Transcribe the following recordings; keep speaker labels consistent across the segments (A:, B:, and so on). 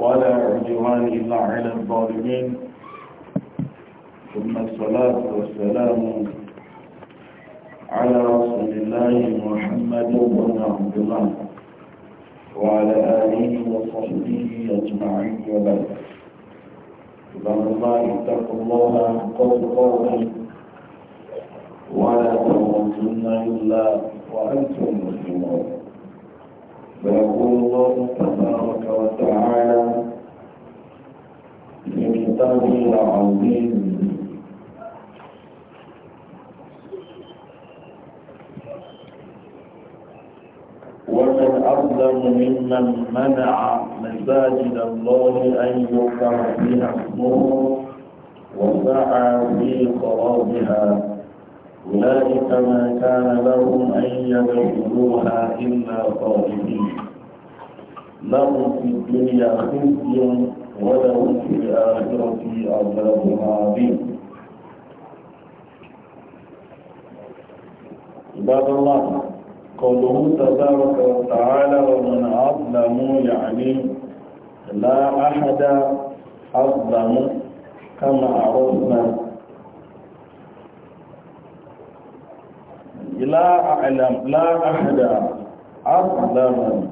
A: ولا عدوان إلا على الظالمين ثم الصلاة والسلام على رسول الله محمد بن عبد الله وعلى آله وصحبه أجمعين وبعد عباد الله اتقوا الله قد تقاته ولا تموتن إلا وأنتم مسلمون ويقول الله تبارك وتعالى في كتابه العظيم ومن أظلم ممن منع مساجد الله أن يذكر بها اسمه وسعى في خرابها أولئك ما كان لهم أن يدخلوها إلا خالدين لهم في الدنيا خزي ولهم في الآخرة عذاب عظيم عباد الله قوله تبارك وتعالى ومن أظلم يعني لا أحد أظلم كما عرفنا لا أعلم لا أحد أظلم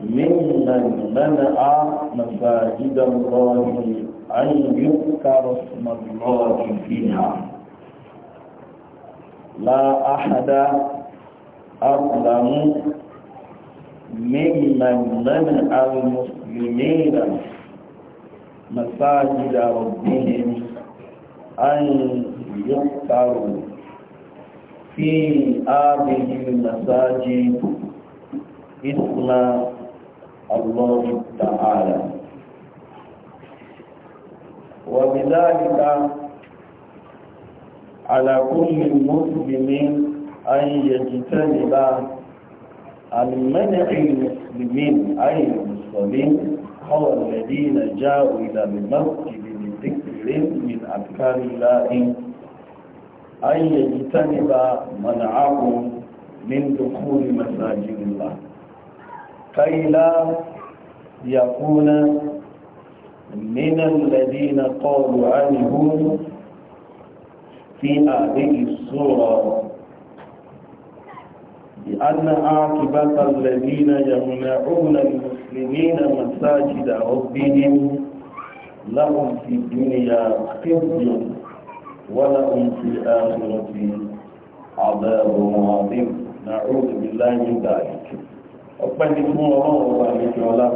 A: ممن منع مساجد الله أن يذكر اسم الله فيها لا أحد أظلم ممن منع المسلمين مساجد ربهم أن يذكروا في هذه المساجد اسم الله تعالى وبذلك على كل مسلم أن يجتنب عن منع المسلمين أي المسلمين هو الذين جاءوا إلى المسجد لذكر من أذكار الله أن يجتنب منعهم من دخول مساجد الله كي لا يكون من الذين قالوا عنه في هذه الصورة لأن عاقبة الذين يمنعون المسلمين مساجد ربهم لهم في الدنيا خزي ولهم في الآخرة عذاب عظيم نعوذ بالله من ذلك ọpẹ́ fún ọlọ́run ọba àlejò ọlá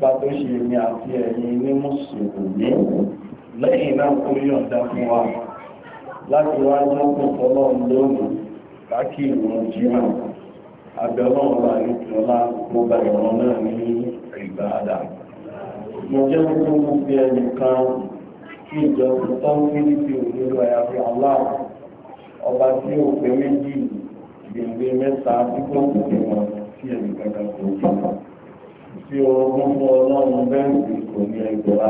A: tó ṣe ní àti ẹ̀yìn ní mùsùlùmí lẹ́yìn náà kó yọ̀ǹda fún wa láti wá lọ́pọ̀ ọlọ́run lónìí káàkiri ìrùn ọlọ́run ní tí ìjọ tó ń fi níbi òdodo àyàfi aláwọ̀ ọba tí ó pé méjì gbèǹgbè mẹ́ta tí kò kù ní wọn sí ẹ̀mí kankan tó jù tí ọgbọ́n fún ọlọ́run bẹ́ẹ̀ kò ní ẹgbẹ̀rá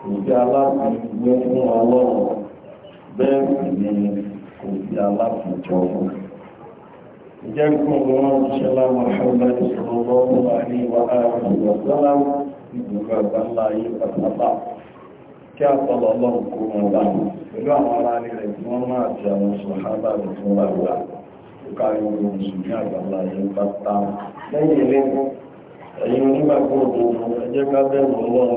A: kò sí aláàbò fún ọlọ́run bẹ́ẹ̀ ní kò sí aláàbò jọ fún un. جاكم الله إن شاء الله محمد صلى الله عليه وآله وسلم بكرة الله يبقى kí a tọ́lọ ọlọ́run kó wọn wà pẹ̀lú àwọn ará rẹ̀ tí wọ́n máa jẹ àwọn ṣọ̀hábà fún wa wà ó kárí ohun mùsùlùmí àgbàlá yìí pátá lẹ́yìn ẹ̀yìn onígbàgbọ́ òdòdó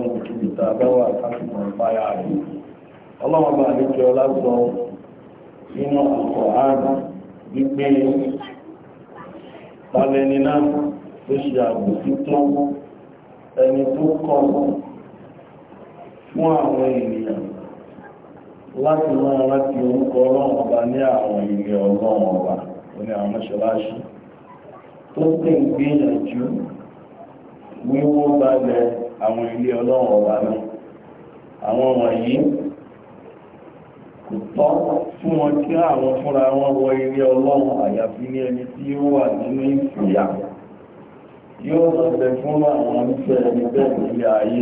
A: ẹni tó fún àwọn ènìyàn láti máa láti orúkọ ọlọ́run ọba ní àwọn ilé ọlọ́run ọba oní àwọn mọ́ṣáláṣí tó sì ń gbìyànjú wíwó balẹ̀ àwọn ilé ọlọ́run ọba náà àwọn wọ̀nyí kò tọ́ fún wọn kí àwọn fúnra wọn wọ ilé ọlọ́run àyàfi ní ẹni tí ó wà nínú ìfìyà yóò sọ̀tẹ̀ fún àwọn ìfẹ́ ẹni bẹ́ẹ̀ nílé ayé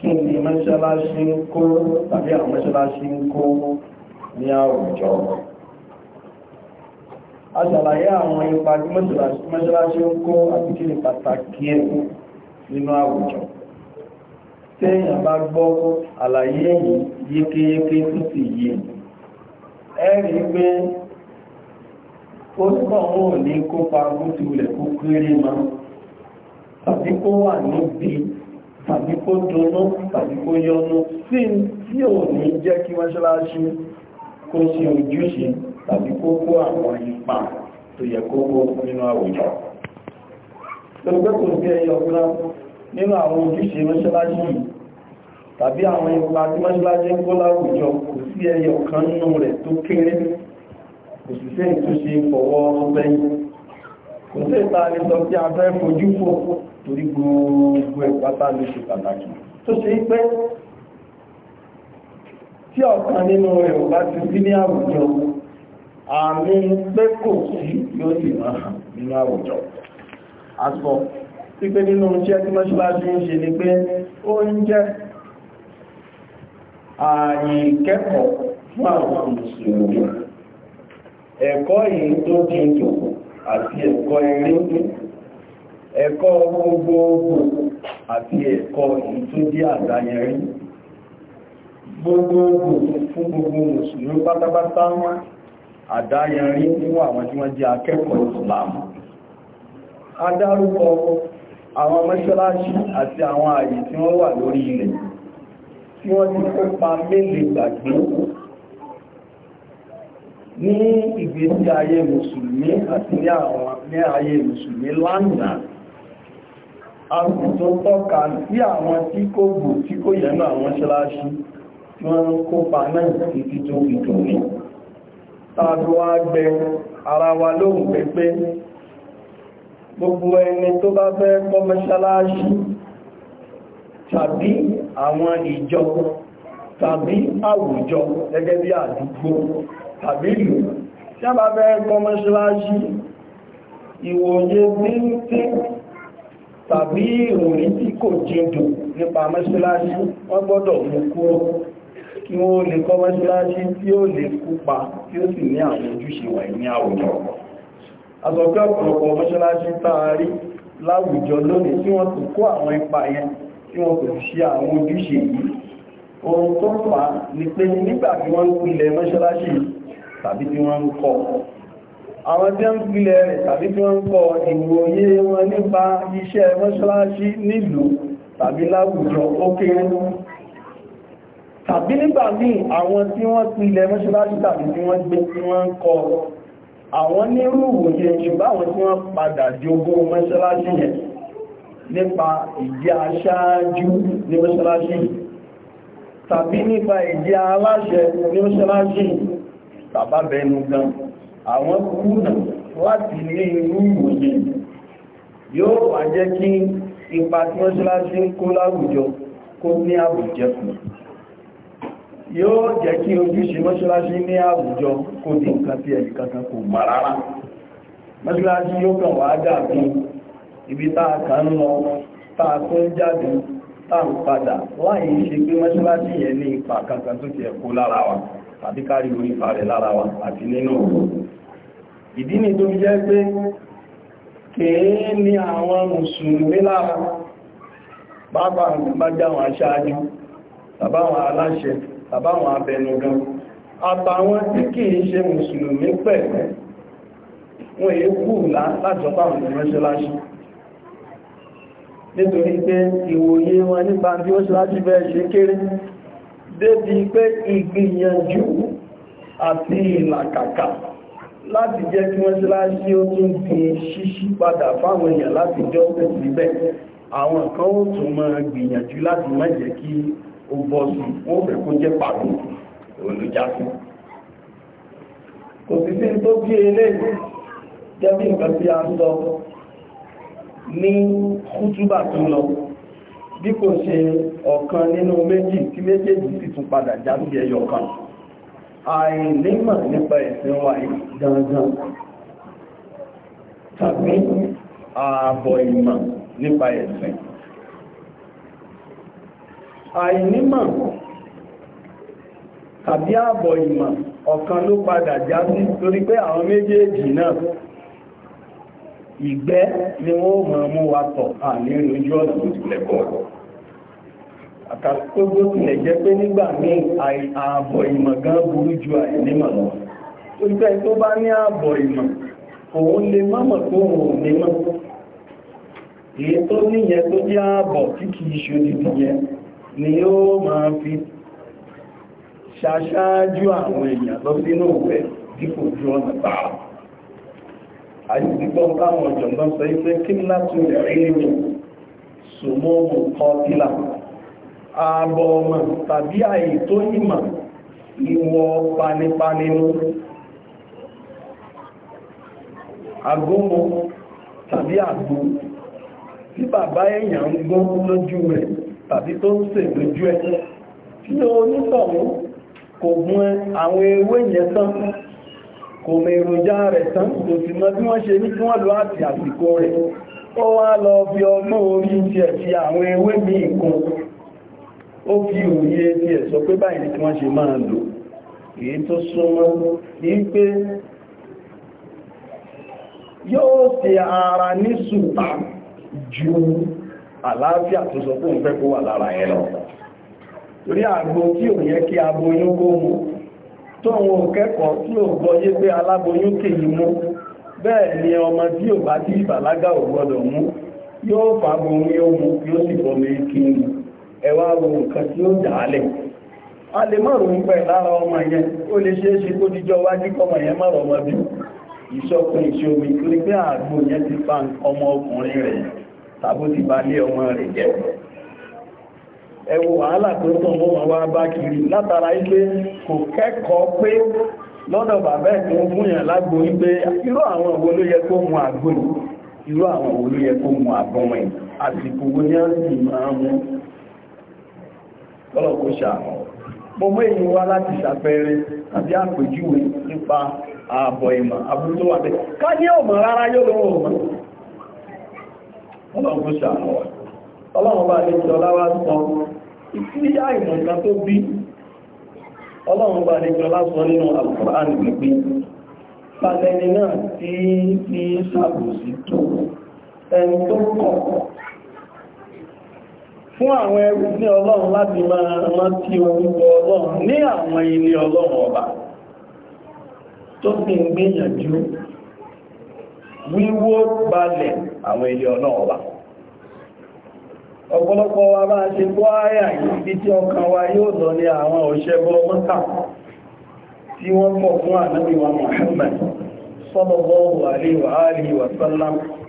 A: kí ni mọ́ṣáláṣí ń kó tàbí àwọn mọ́ṣáláṣí ń kó ní àwùjọ a ṣàlàyé àwọn ipa tí mọ́ṣáláṣí ń kó àti kí ni pàtàkì ẹ̀ nínú àwùjọ tẹ́yìn bá gbọ́ àlàyé yìí yékéyéké tó sì yé e. ẹ̀rí pé ó túbọ̀ wọn ò ní kópa gúúsù rẹ̀ kó kéré ma tàbí kó wà níbi tàbí kó dùnnú tàbí kó yọnu sí tí ò ní jẹ́ kí mọ́ṣáláṣí kó sí ojúṣe tàbí kó kó àwọn ipa tó yẹ kó kó nínú àwùjọ lọ́gbẹ́ kò sí ẹyọ kan nínú àwọn ojúṣe mọ́ṣáláṣí tàbí àwọn ipa tí mọ́ṣáláṣí ń kó láwùjọ kò sí ẹyọ kan nínú rẹ̀ tó kéré kò sì sí ètò ṣe fọwọ́ ọgbẹ́yìn kò sí ìta lè sọ pé a fẹ́ fojú fò torí gbogbo ẹ̀pátá ló ṣe pàtàkì tó ṣe pé tí ọ̀kan nínú rẹ̀ ò bá ti sí ní àwùjọ àmì pé kò sí yóò sì máa hàn nínú àwùjọ asọ tí nínú iṣẹ́ tí mọ́ṣíláṣí ń ṣe ni pé ó ń jẹ́ ààyè ìkẹ́kọ̀ọ́ fún àwọn mùsùlùmí ẹ̀kọ́ yìí tó jíjò àti ẹ̀kọ́ eré ẹ̀kọ́ gbogbogbò àti ẹ̀kọ́ ìtúndí àdáyẹrí gbogbogbo fún gbogbo mùsùlùmí pátápátá wọn àdáyẹrí níwọ̀n àwọn tí wọ́n jẹ́ akẹ́kọ̀ọ́ ìsìlámù adárúkọ àwọn àti àwọn ààyè tí wọ́n wà lórí ilẹ̀ tí wọ́n ti kópa gbàgbé ní ìgbésí ayé mùsùlùmí àti ní ayé mùsùlùmí lánàá a sì tó tọ́ka sí àwọn tí kò gbò tí kò yẹnu àwọn ṣíláṣí tí wọ́n ń kópa náà títí tó fi tò ní tàbí wá gbẹ ara wa lóhùn pẹ́pẹ́ gbogbo ẹni tó bá fẹ́ kọ́ mọ́ṣáláṣí tàbí àwọn ìjọ tàbí àwùjọ gẹ́gẹ́ bí àdúgbò tàbí ìlú tí a bá fẹ́ kọ́ mọ́ṣáláṣí ìwòye tí ń tí tàbí ìròyìn tí kò jẹjù nípa mẹ́síláṣí wọ́n gbọ́dọ̀ mú kúrò kí wọ́n lè kọ́ mẹ́síláṣí tí ó lè kópa tí ó sì ní àwọn ojúṣe wà ní àwùjọ àsọ̀kẹ́ ọ̀pọ̀lọpọ̀ mẹ́síláṣí táàrí láwùjọ lónìí tí wọ́n kò kó àwọn ipa yẹn tí wọ́n kò ṣe àwọn ojúṣe yìí ohun tó fà ní pé nígbà tí wọ́n ń pilẹ̀ mẹ́síláṣí tàbí tí wọ́n ń kọ́ àwọn tí ó ń pìlẹ̀ rẹ̀ tàbí tí wọ́n ń kọ ìwòye wọn nípa iṣẹ́ mọ́ṣáláṣí nílùú tàbí láwùjọ ó kéré tàbí nígbà míì àwọn tí wọ́n pìlẹ̀ mọ́ṣáláṣí tàbí tí wọ́n gbé tí wọ́n ń kọ àwọn nírú òye ṣùgbọ́n àwọn tí wọ́n padà jogún mọ́ṣáláṣí yẹn nípa ìjẹ́ aṣáájú ní mọ́ṣáláṣí tàbí nípa ìjẹ́ aláṣẹ ní mọ́ṣáláṣí tàbá bẹnu gan-an àwọn kùnà láti ní irú ìwòye yóò wà jẹ́ kí ipa tí wọ́n síláṣí ń kó láwùjọ kó ní àbùjẹ́kù yóò jẹ́ kí ojúṣe mọ́ṣáláṣí ní àwùjọ kó di nǹkan tí ẹ̀rì kankan kò mọ̀ rárá mọ́ṣáláṣí yóò kàn wá dàbí ibi táa kan ń lọ táa tó ń jáde táa ń padà láì ṣe pé mọ́ṣáláṣí yẹn ní ipa kankan tó ti ẹ̀kó lára wa tàbí kárí orí ìfà rẹ̀ lára wa àti nínú òun ìdí ni tó jẹ́ pé kèé ní àwọn mùsùlùmí lára bàbá bá jáwọn aṣáájú tàbáwọn aláṣẹ tàbáwọn abẹnugan àtàwọn tí kìí ṣe mùsùlùmí pẹ̀lẹ̀ wọ́n èé kú látọ̀pá àwọn ìránṣẹ́láṣí nítorí pé ìwòye wọn nípa bí ó ṣe láti bẹ́ẹ̀ ṣe kéré débi pé ìgbìyànjú àti ìlàkàkà láti jẹ́ kí wọ́n síláṣí ó tún fi ṣíṣí padà fáwọn èèyàn láti jọ síbẹ̀ àwọn kan ó tún máa gbìyànjú láti má jẹ́ kí ó bọ́ sí wọ́n fẹ́ kó jẹ́ pàdé olùjásí kò sí sí tó bí eléyìí jẹ́ bí nǹkan tí a ń sọ ní kútúbà tó lọ bí kò ṣe ọ̀kan nínú méjì tí méjèèjì sì tún padà já sí ẹyọ kan àìnímọ̀ nípa ẹ̀sìn wa gangan tàbí ààbọ̀ ìmọ̀ nípa ẹ̀sìn àìnímọ̀ tàbí ààbọ̀ ìmọ̀ ọ̀kan ló padà já sí torí pé àwọn méjèèjì náà ìgbẹ́ ni wọ́n mọ̀ mú wa tọ̀ àní ìrìnjú ọ̀nà tó tilẹ̀ bọ̀ọ̀rọ̀ àkàtógbó tilẹ̀ jẹ́ pé nígbà ní ààbọ̀ ìmọ̀ gan burú ju àìnímọ̀ lọ ó jẹ́ tó bá ní ààbọ̀ ìmọ̀ òun lè mọ́mọ̀ tó òun nímọ̀ èyí tó níyẹn tó jẹ́ ààbọ̀ tí kìí ṣòdìdì yẹn ni ó máa fi ṣaṣáájú àwọn èèyàn lọ sínú òwẹ́ dípò ju ọ̀nà tààrà àyíkọ́ táwọn ọ̀jọ̀gbọ́n sọ pé kí látún ẹ̀rí mi sùmọ́ mọ̀ kọ́ pílà ààbọ̀ ọmọ tàbí àyè tó yìmọ̀ ìwọ̀ panipani mú agómo tàbí àgbò tí bàbá èèyàn ń gún lójú rẹ̀ tàbí tó ń sè lójú ẹ̀ tí ó onítọ̀wọ́ kò gún àwọn ewé yẹn tán kò mẹ èròjà rẹ̀ tán kò sì mọ̀ bí wọ́n ṣe ní kí wọ́n lọ àti àsìkò rẹ̀ ó wá lọ fi ọgbọ́n orí ti ẹ̀ fi àwọn ewé mi ìkún ó fi òye tí ẹ̀ sọ pé báyìí tí wọ́n ṣe máa lò èyí tó súnmọ́ ní pé yóò ṣe ara ní ṣùtà ju àlàáfíà tó sọ fún ìfẹ́ kó wà lára ẹ̀ lọ torí àgbo tí ò yẹ kí aboyún kó mú tó wọn kẹ́kọ̀ọ́ tí ò gbọ́yé pé aláboyún kèyí mú bẹ́ẹ̀ ni ọmọ tí ò bá tí ìbàlágà ò gbọ́dọ̀ mú yóò fàbọ̀ orí mú yóò sì fọ́ mi ni ẹwà wo nǹkan tí ó dàálẹ̀ a lè mọ́rùn ún pẹ̀ lára ọmọ yẹn ó lè ṣe é ṣe kó díjọ wá kíkọmọ yẹn mọ́rọ̀ ọmọ bí ìṣọ́kùn ìṣomi torí pé àgbò yẹn ti fa ọmọ ọkùnrin rẹ̀ tàbó ti bá lé ọmọ rẹ̀ jẹ́ ẹ wo wàhálà tó tàn mọ́ wọn wá bá kiri látara ilé kò kẹ́kọ̀ọ́ pé lọ́dọ̀ bàbá ẹ̀ tó ń fún yàn lágbo wípé irú àwọn wo ló yẹ kó mu àgbo irú àwọn wo ló yẹ kó mu àgbọ̀n ẹ̀ àsìkò wo ni a sì máa mú kọ́lọ̀kú ṣàmọ́ mo mọ́ èyí wá láti ṣàpẹẹrẹ àbí àpèjúwe nípa ààbọ̀ ìmọ̀ àbúrú tó wà pé ká ní ọmọ rárá yóò lọ́wọ́ ọmọ kọ́lọ̀kú ṣàmọ́ ọlọ́run bá lè jọ láwá sọ ìtí àìmọ̀ kan tó bí ọlọ́run bá lè jọ lásọ nínú àlùkùránì wípé pàtẹni náà tí ní sàbòsí tó ẹni tó kọ̀ọ̀kọ̀ fún àwọn ẹrú sí ọlọ́run láti máa rántí orúkọ ọlọ́run ní àwọn ilé ọlọ́run ọba tó sì ń gbìyànjú wíwó balẹ̀ àwọn ilé ọlọ́run ọba ọ̀pọ̀lọpọ̀ wa máa ṣe gbọ́ àyà ibi tí ọkàn wa yóò lọ ní àwọn òṣèbọ́ mọ́ta tí wọ́n pọ̀ fún ànábì wa Muhammad sallallahu alaihi wa alihi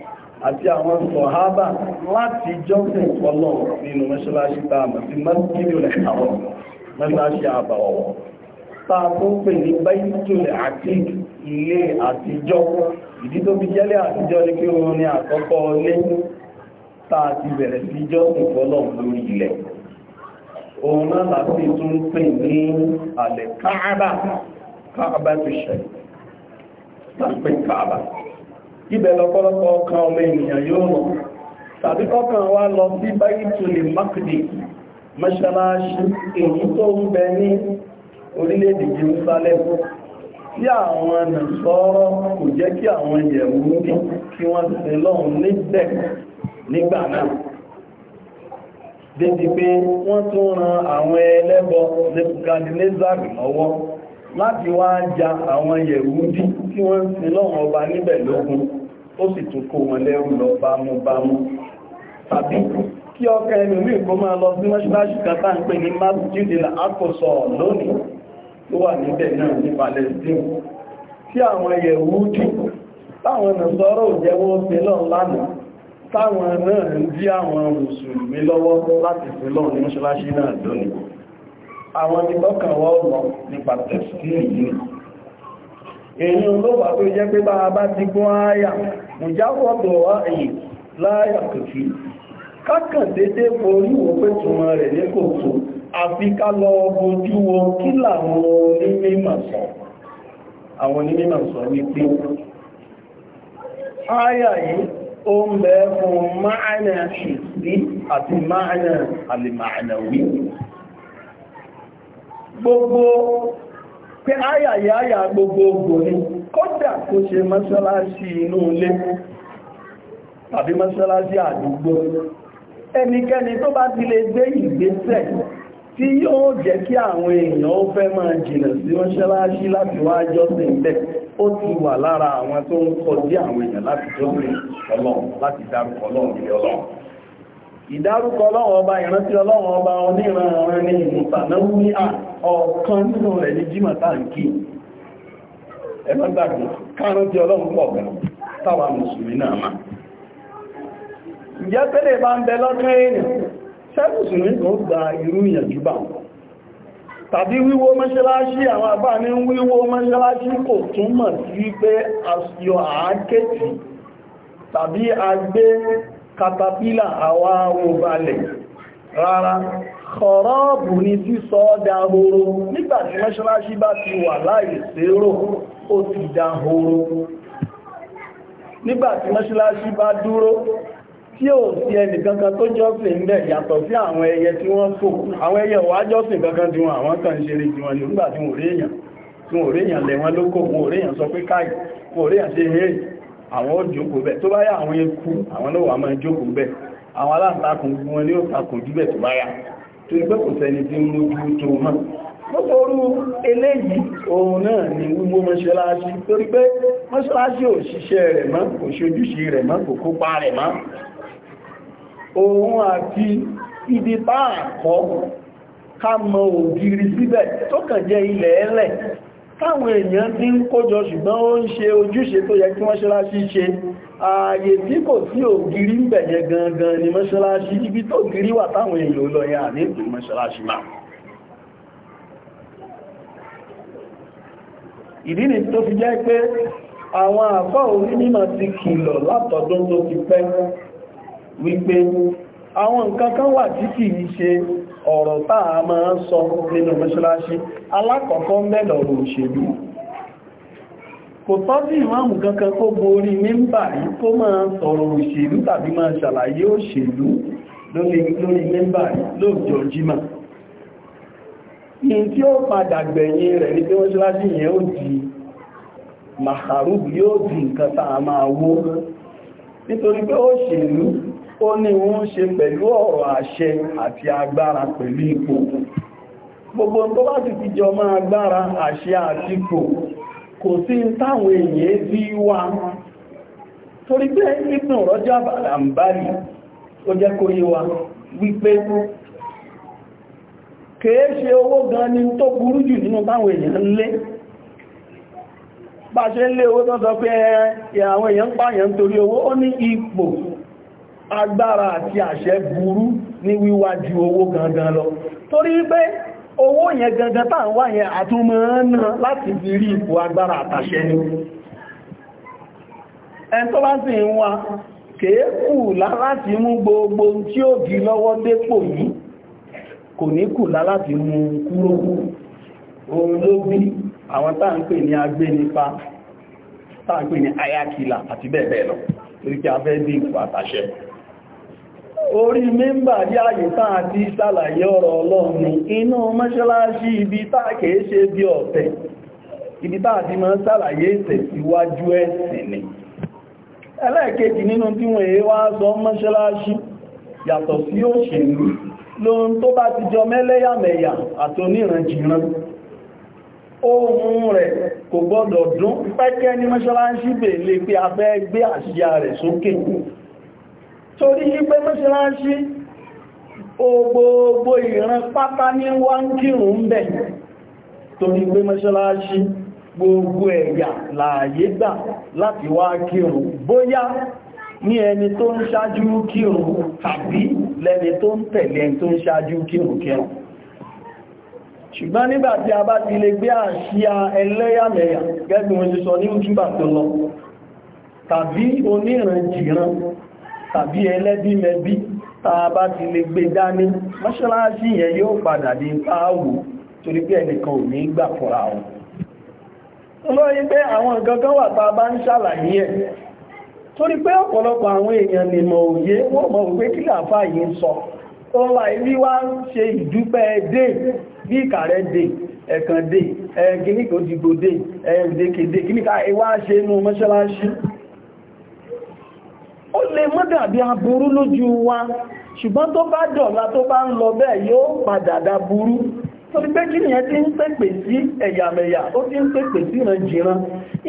A: àti àwọn sọ̀hábà láti jọ́sìn pọ̀lọ̀ nínú mẹ́ṣọ́láṣí tààmà sí mẹ́sílẹ̀ àwọn mẹ́ṣọ́láṣí àbàwọ̀ táa tó pè ní bẹ́ìtùlẹ̀ àti ilé àtijọ́ ìdí tó fi jẹ́lẹ̀ àtijọ́ ní kí wọ́n ní àkọ́kọ́ ilé táa ti bẹ̀rẹ̀ sí jọ́sìn pọ̀lọ̀ lórí ilẹ̀ òun náà láti tún pè ní alẹ́ káàbà káàbà tó ṣẹ̀ ibẹ̀ lọ́pọ̀lọpọ̀ ọkàn ọmọ ènìyàn yóò lọ tàbí kọ́kàn wá lọ sí Baitul Maqdis mọ́ṣáláṣí èyí tó ń bẹ ní orílẹ̀-èdè Jerusalem tí àwọn nàṣọ́rọ̀ kò jẹ́ kí àwọn yẹ̀wù ní kí wọ́n sin lọ́hùn níbẹ̀ nígbà náà débi pé láti wá ja àwọn yẹ̀wù tí wọ́n sin lọ́hùn ọba níbẹ̀ lógún ó sì tún kó wọn lẹ́rù lọ bámúbámú tàbí kí ọkà ẹlòmíì kó máa lọ sí mọ́ṣíláṣí kátà ń pè ní masjidil akọsọ lónìí tó wà níbẹ̀ náà ní palestine tí àwọn yẹ̀wúdí táwọn nàṣọ́rọ̀ òjẹ́wọ́ sílọ̀ lánàá táwọn náà ń dí àwọn mùsùlùmí lọ́wọ́ láti sílọ̀ ní mọ́ṣíláṣí náà lónìí àwọn ìtọ́kànwọ́ lọ nípa tẹ̀sí yìí èyí olóòwà tó jẹ́ pé bá bá ti gbọ́ áyà mùjáwọ́dọ̀ wá èyí láyà kò kákàn dédé borí wọ́n pé túnmọ̀ rẹ̀ ní kò tó àfi ká lọ bojú wọn kí làwọn onímọ̀ gbogbo pé áyàyàyà gbogbogbò ni kódà kó ṣe mọ́sálásí inú ilé tàbí mọ́sálásí àdúgbò ẹnikẹ́ni tó bá ti lè gbé ìgbésẹ̀ tí yóò jẹ́ kí àwọn èèyàn ó fẹ́ máa jìnà sí mọ́sálásí láti wá jọ́sìn bẹ̀ ó ti wà lára àwọn tó ń kọjú àwọn èèyàn láti jọ́sìn ọlọ́run láti dárúkọ ọlọ́run ilé ìdárúkọ ọlọ́wọ́ ọba ìrántí ọlọ́wọ́ ọba oníranran ní ìmùsànáwó ní à ọ̀kan nínú rẹ̀ ní jímọ̀ta nkí ẹgbẹ́gbàgbà tí ọlọ́run pọ̀ gan táwa mùsùlùmí náà máa bá ń bẹ lọ́kàn ní tàbí agbé katapila àwa wo balẹ̀ rárá kọ̀rọ̀bù ni sísọ dáhoro nígbàtí mọ́ṣáláṣí bá ti wà láì sérò ó ti dáhoro nígbàtí mọ́ṣáláṣí bá dúró tí ó sí ẹnì kankan tó jọ́sìn ń bẹ̀ yàtọ̀ sí àwọn ẹyẹ tí wọ́n fò àwọn ẹyẹ wà jọ́sìn kankan tí wọn àwọn kan ṣe lè jí wọn nígbàtí wọn ò rí lókò wọn ò sọ pé káì wọn ò ṣe hẹ́rì àwọn ó jókòó bẹ̀ tó bá yá àwọn eku àwọn náà wà máa jókòó bẹ̀ àwọn aláǹtakùn gbogbo wọn ni ó takùn jù bẹ̀ tó bá yá tó ẹgbẹ́ kò sẹ́ni tí ń mójú tó hàn nítorú eléyìí òun náà ni wúwo mọ́ṣáláṣí torí pé mọ́ṣáláṣí ò ṣiṣẹ́ rẹ̀ mọ́ kò ṣojúṣe rẹ̀ mọ́ kò kópa rẹ̀ mọ́ òun àti ibi táwọn èèyàn ti ń kójọ ṣùgbọ́n ó ń ṣe ojúṣe tó yẹ kí mọ́ṣáláṣí ṣe ààyè tí kò sí ògiri ń bẹ̀yẹ gangan ni mọ́ṣáláṣí ibi tó gírí wà táwọn èèyàn lọ yẹn àní ìpè mọ́ṣáláṣí máa ìdí ni tó fi jẹ́ pé àwọn àfá orí mímọ̀ ti kìlọ̀ látọ̀dún tó ti pẹ́ wípé àwọn nǹkan kan wà tí kìí ṣe ọ̀rọ̀ táà máa ń sọ nínú mọ́ṣáláṣí alákọ̀ọ́kọ́ mẹ́lọ̀ òṣèlú kò tọ́ sí ìmáàmù kankan kó borí mímbà yìí kó máa sọ̀rọ̀ òṣèlú tàbí máa ṣàlàyé òṣèlú lórí mímbà yìí lóòjọ́ jímà ní tí ó padà gbẹ̀yìn ó ní wọ́n ṣe pẹ̀lú ọ̀rọ̀ àṣẹ àti agbára pẹ̀lú ipò gbogbo tó bá ti máa agbára àṣẹ àti ipò kò sí táwọn èèyàn bí wá torí pé Ibn Rajab al-Hanbali ó jẹ́ kó yé wípé kèé ṣe owó gan ni tó burú jù nínú táwọn èèyàn lé bá ṣe ń lé owó pé àwọn èèyàn pààyàn torí owó agbára àti àṣẹ burú ní wíwá owó gangan lọ torí pé owó yẹn gangan tàà wà yẹn àtúmọ̀ náà láti fi rí ipò agbára àtàṣẹ ni ẹn tó bá sì ń wá kéèkù láti mú gbogbo tí ó di lọ́wọ́ dépò yìí kò ní kù láti mú kúrò ohun ló bí àwọn táà ń pè ní agbénipa táà ń pè ní ayákìlà àti bẹ́ẹ̀ bẹ́ẹ̀ lọ torí kí bí ipò orí mímbà dí ààyè táà ti ṣàlàyé ọ̀rọ̀ ọlọ́run ní inú mọ́ṣáláṣí ibi táà kìí ṣe bí ọ̀tẹ̀ ibi táà ti máa ṣàlàyé ìtẹ̀síwájú ẹ̀sìn ni ẹlẹ́ẹ̀kejì nínú tí wọ́n èé wá sọ mọ́ṣáláṣí yàtọ̀ sí òṣèlú lóhun tó bá ti jọ mẹ́lẹ́yàmẹ̀yà àtoníranjìran ohun rẹ̀ kò gbọ́dọ̀ dún pẹ́kẹ́ ní mọ́ṣáláṣí bèèlè pé a fẹ́ gbé àṣíyà rẹ̀ sókè torí wípé mọ́ṣáláṣí gbogbo ìran pátá ní wá ń kírun ń bẹ̀ torí pé mọ́ṣáláṣí gbogbo ẹ̀yà láàyè gbà láti wá kírun bóyá ní ẹni tó ń ṣáájú kírun tàbí lẹ́ni tó ń tẹ̀lé ẹni tó ń ṣáájú kírun kírun ṣùgbọ́n nígbàtí a bá ti lè gbé àṣíyà ẹlẹ́yàmẹ̀yà gẹ́gbùn oṣù sọ ní ojúbà tó lọ tàbí onírànjìran tàbí ẹlẹ́bímẹbí tàà bá ti lè gbé dání mọ́ṣáláṣí yẹn yóò padà di páàwù torí pé ẹnìkan ò ní gbà fúnra wọn lórí pé àwọn nǹkan kan wà tàà bá ń ṣàlàyé ẹ̀ torí pé ọ̀pọ̀lọpọ̀ àwọn èèyàn nìmọ̀ òye wọ́n mọ̀ wípé kí làfà yìí ń sọ ọlá ilé wá ń ṣe ìdúpẹ́ dé bí ìkàrẹ́ dé ẹ̀kàn dé ẹ̀kìníkò dìgbò dé ẹ̀ẹ̀dẹ́kèdè kíníkà ìwá ṣe inú mọ́ṣáláṣí ó lè mọ́ dàbí aburú lójú wa ṣùgbọ́n tó bá dọ̀la tó bá ń lọ bẹ́ẹ̀ yóò padà dáburú torí pé kí nìyẹn tí ń pèpè sí ẹ̀yàmẹ̀yà ó ti ń pèpè sí ìrànjìran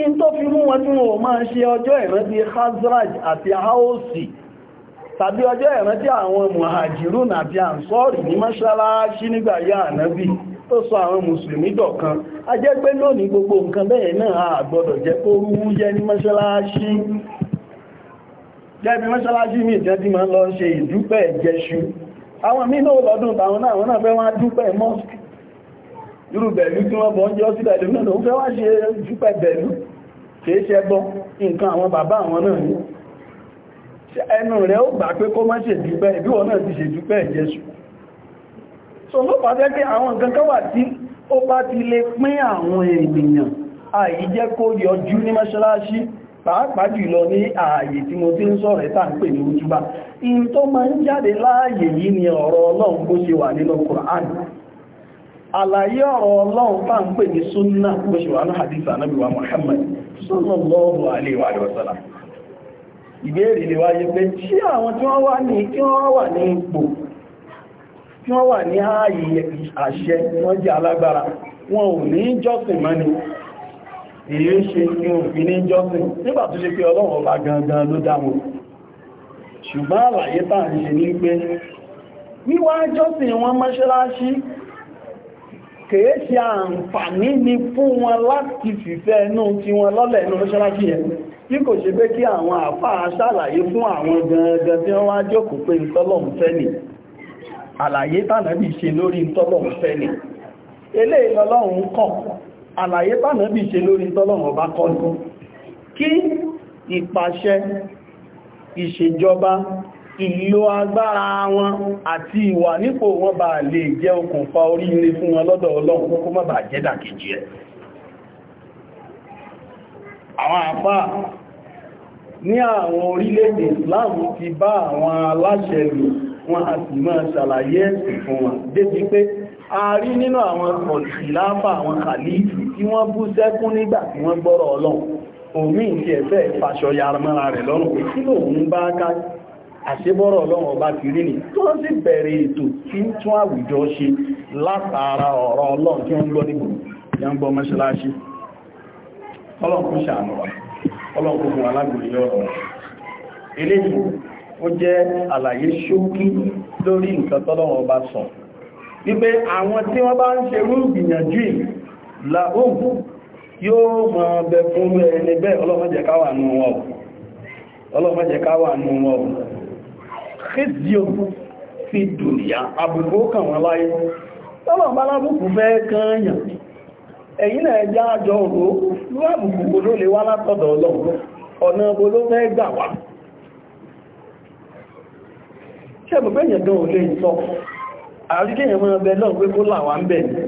A: in tó fi mú wọn tí wọn ò máa ṣe ọjọ́ ìrántí Khazraj àti haosi tàbí ọjọ́ ìrántí àwọn muhajirun àti ansọ́rì ní mọ́ṣáláṣí nígbà yá ànábì tó sọ àwọn mùsùlùmí dọ̀kan a jẹ́ pé lónìí gbogbo nǹkan bẹ́ẹ̀ náà a jẹ́ kó rú yẹ ní mọ́ṣáláṣí gẹ́bí mọ́ṣáláṣí mi ìjẹ́dí máa ń lọ ṣe ìdúpẹ́ jẹ́ṣu àwọn mí náà lọ́dún tàwọn náà wọ́n náà fẹ́ wá dúpẹ́ mọ́sùkì irú bẹ̀lú tí wọ́n bọ́ ń jọ sí bẹ̀lú náà ló fẹ́ wá ṣe dúpẹ́ bẹ̀lú kìí ṣe bọ́ nǹkan àwọn bàbá àwọn náà ní ẹnu rẹ̀ ó gbà pé kó má ṣe dúpẹ́ ìbí wọn náà ti ṣe dúpẹ́ jẹ́ṣu so ló fà jẹ́ pé àwọn nǹkan kan wà tí ó bá ti lè pín àwọn ènìyàn àìjẹ́ kó yọjú ní mọ́ṣáláṣí pàápàá jùlọ ní ààyè tí mo ti ń sọ̀rọ̀ tá ń pè ní ojúbá in tó jáde láàyè yìí ni ọ̀rọ̀ ọlọ́run bó ṣe wà nínú àlàyé ọ̀rọ̀ ọlọ́run tá ń pè ní súnnà bó ṣe wà ní hadith Ànábì wa Muhammad sallallahu èyí ń ṣe ní òfin ní jọ́sìn nígbà tó ṣe pé ọlọ́run ọba gangan ló dáwò ṣùgbọ́n àlàyé táà ń ṣe ní pé wíwá jọ́sìn wọn mọ́ṣáláṣí kèé ṣe àǹfààní ni fún wọn láti fìfẹ́ inú tí wọn lọ́lẹ̀ inú mọ́ṣáláṣí yẹn tí kò ṣe pé kí àwọn àfáà ṣàlàyé fún àwọn gangan tí wọ́n wá jókòó pé ìtọ́lọ̀mù fẹ́ni àlàyé tànàbí ṣe lórí ìtọ́lọ̀mù fẹ́ni eléyìí lọ́lọ́run kọ̀ àlàyé tánà bí ṣe lórí tọ́lọ̀mọ̀ bá kọ́nù kí ìpàṣẹ ìṣèjọba ìlò agbára wọn àti ìwà nípò wọn bá lè jẹ́ okùnfà oríire fún wọn lọ́dọ̀ ọlọ́run kó má bàá jẹ́ dàkejì ẹ̀ àwọn àfá ní àwọn orílẹ̀-èdè Islam ti bá wọn a sì máa ṣàlàyé ẹ̀sìn fún wọn débi pé a rí nínú àwọn ọ̀sìláfà àwọn kàlífù tí wọ́n bú sẹ́kún nígbà tí wọ́n gbọ́rọ̀ ọlọ́run omi ìtì ẹ̀fẹ́ ìfàṣọ yaramọ́ra rẹ̀ lọ́rùn pé kí lòun bá ká àṣebọ́rọ̀ ọlọ́run ọba ti rí ni tó sì bẹ̀rẹ̀ ètò tí ń tún àwùjọ ṣe látara ọ̀rọ̀ ọlọ́run tí wọ́n gbọ́ níbò tí wọ́n gbọ́ mọ́ṣáláṣí ọlọ́run ṣàánú wa ọlọ́run fún láhùn yóò mọ̀ bẹ fún ẹni bẹ́ẹ̀ ọlọ́mọ̀jẹ̀ káwà nù wọn ọlọ́mọ̀jẹ̀ káwà nù wọn kìdíò fi dùnìyà àbùkù kàn wọ́n láyé tọ́lọ̀bá lábùkù fẹ́ kányàn ẹ̀yìn náà ẹjá àjọ òró lábùkù kò ló lè wá látọ̀dọ̀ ọlọ́run ọ̀nà bó ló fẹ́ gbà wá ṣẹ́bùgbẹ́yàn gan ò lè sọ àríkẹ́yàn mọ́ ọbẹ̀ lọ́n pé kó làwà ń bẹ̀rẹ̀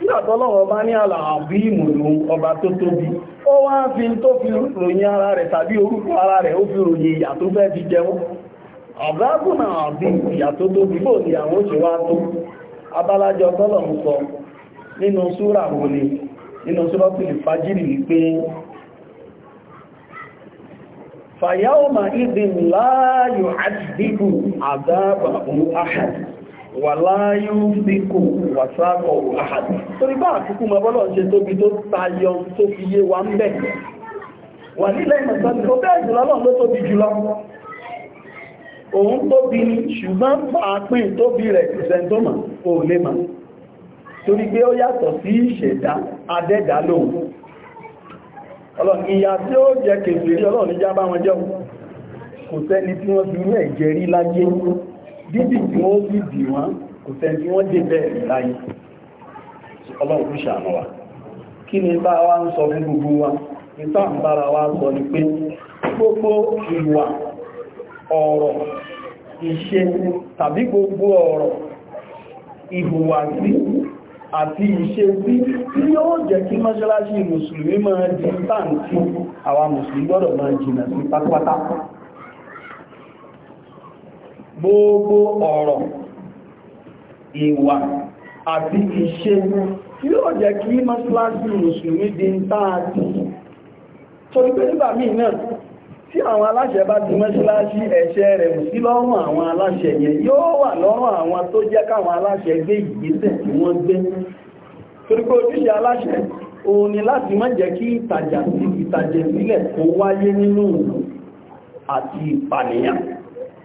A: nígbàtọ́lọ́wọ́ bá ní àlàábí ìmòlò ọba tó tóbi ó wá fi tó fi ròyìn ara rẹ̀ tàbí orúkọ ara rẹ̀ ó fi ròyìn ìyà tó fẹ́ fi jẹun àbí ìyà tó tóbi bò ni àwọn nínú nínú wà láyé fíkò wà sáàkọ̀ àhàdì torí bá àkúkú mọ bọ́lọ̀ ṣe tóbi tó tayọ tó fi yé wa ń bẹ̀ wà nílẹ̀ ìmọ̀sánì tó bẹ́ẹ̀ jùlọ lọ́n ló tóbi jùlọ òun tóbi ṣùgbọ́n pàápín tóbi rẹ̀ ìsẹ̀ntọ́mà ò lè mà torí pé ó yàtọ̀ sí ìṣẹ̀dá adẹ́dà lóhun ọlọ́run ìyà tí ó jẹ́ kèfèrí ọlọ́run jábá wọn jẹun kò sẹ́ni tí wọ́n fi rú ẹ̀jẹ̀ rí láyé bíbì tí wọ́n bíbì wọn kò tẹ́ tí wọ́n dé bẹ́ẹ̀ láyé ọlọ́run ṣàánú wa kí ni bá wa ń sọ fún gbogbo wa ìta ń bára wa sọ ni pé gbogbo ìwà ọ̀rọ̀ ìṣe tàbí gbogbo ọ̀rọ̀ ìhùwàsí àti ìṣe sí tí yóò jẹ́ kí mọ́ṣáláṣí mùsùlùmí máa di báǹkì àwa mùsùlùmí gbọ́dọ̀ máa jìnà sí pátápátá gbogbo ọ̀rọ̀ ìwà àti ìṣe yóò jẹ́ kí mọ́síláṣí mùsùlùmí di ń táàtì torí pé nígbà míì náà tí àwọn aláṣẹ bá ti mọ́síláṣí ẹ̀ṣẹ̀ rẹ̀ mú sí lọ́rùn àwọn aláṣẹ yẹn yóò wà lọ́rùn àwọn tó jẹ́ káwọn aláṣẹ gbé ìgbésẹ̀ tí wọ́n gbé torí ojúṣe aláṣẹ òun ni láti má jẹ́ kí ìtàjà sí ìtàjẹ̀ kó wáyé nínú àti ìpànìyàn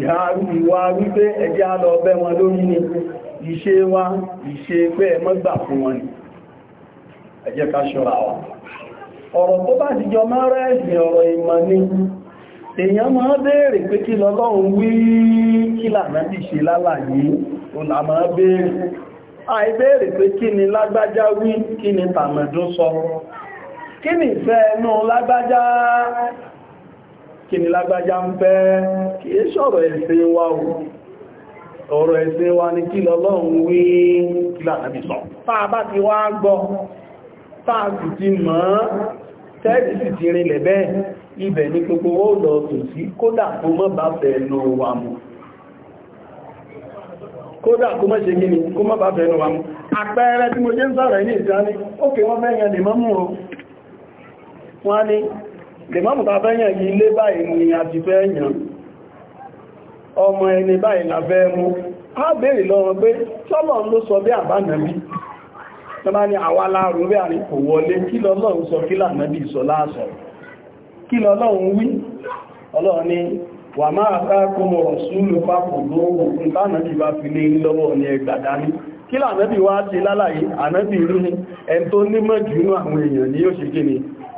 A: ìhàrù ìwà wípé ẹjẹ́ alọ ọbẹ́ wọn lórí ni ìṣe wá ìṣe pé gbà fún wọn ni ẹjẹ́ ká ṣọ́ra wa ọ̀rọ̀ tó bá jíjọ mẹ́rẹ́ ẹ̀sìn ọ̀rọ̀ ìmọ̀ ni èèyàn máa béèrè pé kí lọ́lọ́run wí kí lànà ti ṣe lálàyé o là máa béèrè àìbéèrè pé kí ni lágbájá wí kí ni tàmẹ̀dún sọ kí ni ìfẹ́ ẹnu lágbájá kí ni lágbájá ń fẹ́ kì í ṣọ̀rọ̀ ẹ̀sìn wa ọ̀rọ̀ ẹ̀sìn wa ni kí lọ́lọ́run wí kí lánàbí sọ táa bá ti wá gbọ́ táa sì ti mọ̀ tẹ́ẹ̀dì sì ti rinlẹ̀ bẹ́ẹ̀ ibẹ̀ ní gbogbo ó lọ tò sí kódà kó mọ́ lèmọ́mù ta fẹ́ yàn yìí lé báyìí ni a ti fẹ́ yàn ọmọ ẹni báyìí la fẹ́ mú a béèrè lọ́wọ́ pé sọ́lọ̀ ló sọ bí àbánàbí tọ́bá ní àwa láàrù bí àrí kò wọlé kí lọ́lọ́run sọ kí lànàbí sọ láàsọ̀ kí lọ́lọ́run wí ọlọ́run ni wà máa káàkùnmọ̀ ṣúlù ni ẹn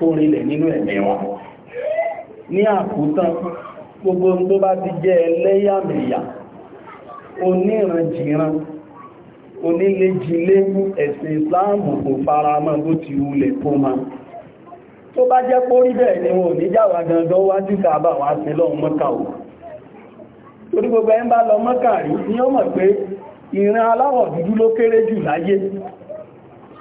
A: kó nínú ẹ̀mí wọn ní àkútán gbogbo tó bá ti jẹ́ ẹlẹ́yàmẹ̀yà oníranjìran onílejilé ẹ̀sìn ìsìláàmù kò fara mọ́ bó ti wulẹ̀ kó ma tó bá jẹ́ pórí bẹ́ẹ̀ ni ní jáwà wá sí lọ́wọ́ mọ́kà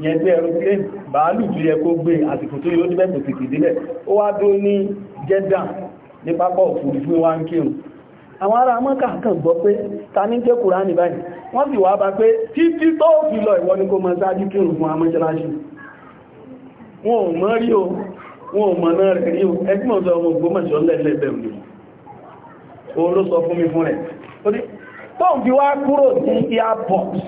A: yẹn pé aeroplane bàálù tó yẹ kó gbé àsìkò tó yóò níbẹ̀ tó tètè délẹ̀ ó wá dó ní Jeddah ní pápá òfurufú wá ń kírun àwọn ará mọ́kà kàn gbọ́ pé ta ní ké Kùránì báyìí wọ́n sì wá bá pé títí tó fi lọ ìwọ o wọn o ẹgbùn ọ̀sọ̀ ọmọ ògbómọ̀ṣọ́ lẹ́lẹ́bẹ̀ òní o ló sọ fún mi fún rẹ̀ tó ń fi wá kúrò sí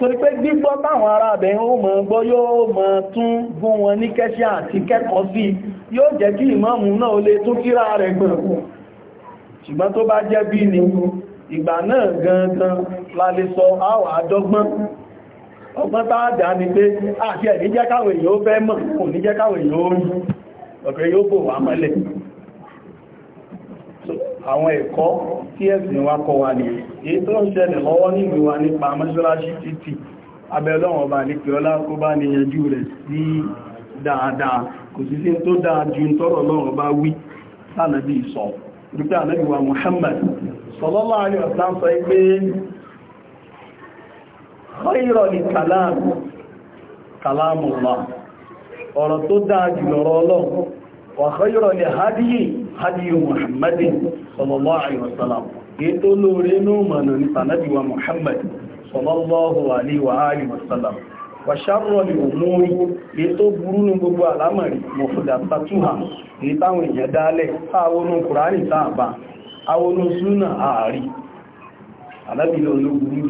A: torí pé gbígbọ́ táwọn ará abẹ̀ ó mọ̀ gbọ́ yóò mọ̀ tún gún wọn ní kẹ́ṣẹ́ àti kẹ́kọ̀ọ́ sí yóò jẹ́ kí ìmáàmù náà lè tún kíra rẹ̀ gbọ̀ngbọ̀n ṣùgbọ́n tó bá jẹ́ bí ni ìgbà náà yóò bò wà mọ́lẹ̀ àwọn ẹ̀kọ́ tí ẹ̀sìn wa kọ́ wa ní èyí tó ń ṣẹlẹ̀ lọ́wọ́ nínú wa nípa mọ́ṣáláṣí títì abẹ́lọ́wọ̀n bá ní pẹ̀ọ́lá kó bá ní yanjú rẹ̀ sí dáadáa kò sí sí tó dáa wa khayra li hadiyi hadiyu muhammadin sallallahu alaihi wasallam eto tó lóore ní òmànà ní tànàbíwa muhammad sallallahu alaihi wa alihi wasallam wa sharro ni umuri èyí tó burú ní gbogbo àlámọ̀rí mọ̀fúdà tàtúhà èyí táwọn èèyàn dálẹ̀ táwọnú kùránì tààbà awọnú súnà ibi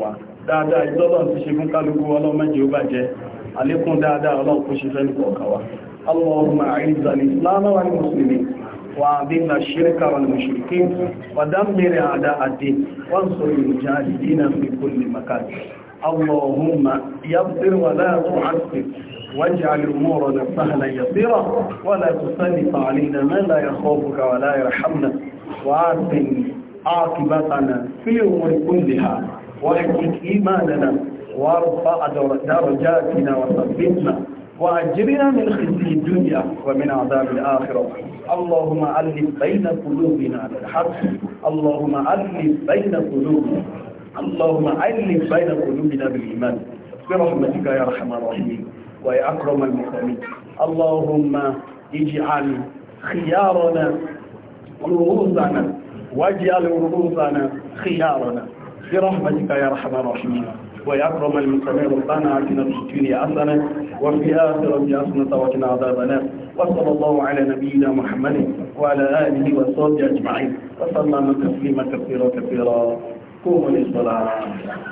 A: wa dáadáa ìtọ́lọ́n ti ṣe fún kálukú ọlọ́mẹ́jì ó bàjẹ́ alékún dáadáa ọlọ́pù ṣe fẹ́lú kọ̀ọ̀kọ̀wà allahumma a'izz al-islam wal muslimin wa adhill ash-shirka wal mushrikeen wa dammir a'da' ad-din wansur ولا تعسر واجعل امورنا سهلا يسيرا ولا تسلط علينا من لا يخافك ولا يرحمنا وآتنا عاقبتنا في الامور كلها واحيك إيماننا وارفع درجاتنا وثبتنا وأجرنا من خزي الدنيا ومن عذاب الآخرة اللهم ألف بين قلوبنا بالحق اللهم ألف بين قلوبنا اللهم ألف بين قلوبنا بالإيمان برحمتك يا أرحم الراحمين ويا أكرم المسلمين اللهم اجعل خيارنا رؤوسنا واجعل رؤوسنا خيارنا برحمتك يا ارحم الراحمين ويا اكرم المكرمين ربنا اتنا في الدنيا وفي الاخره أسنة وقنا عذاب النار وصلى الله على نبينا محمد وعلى اله وصحبه اجمعين وصلى وسلم تسليما كثيرا كثيرا قوموا للصلاه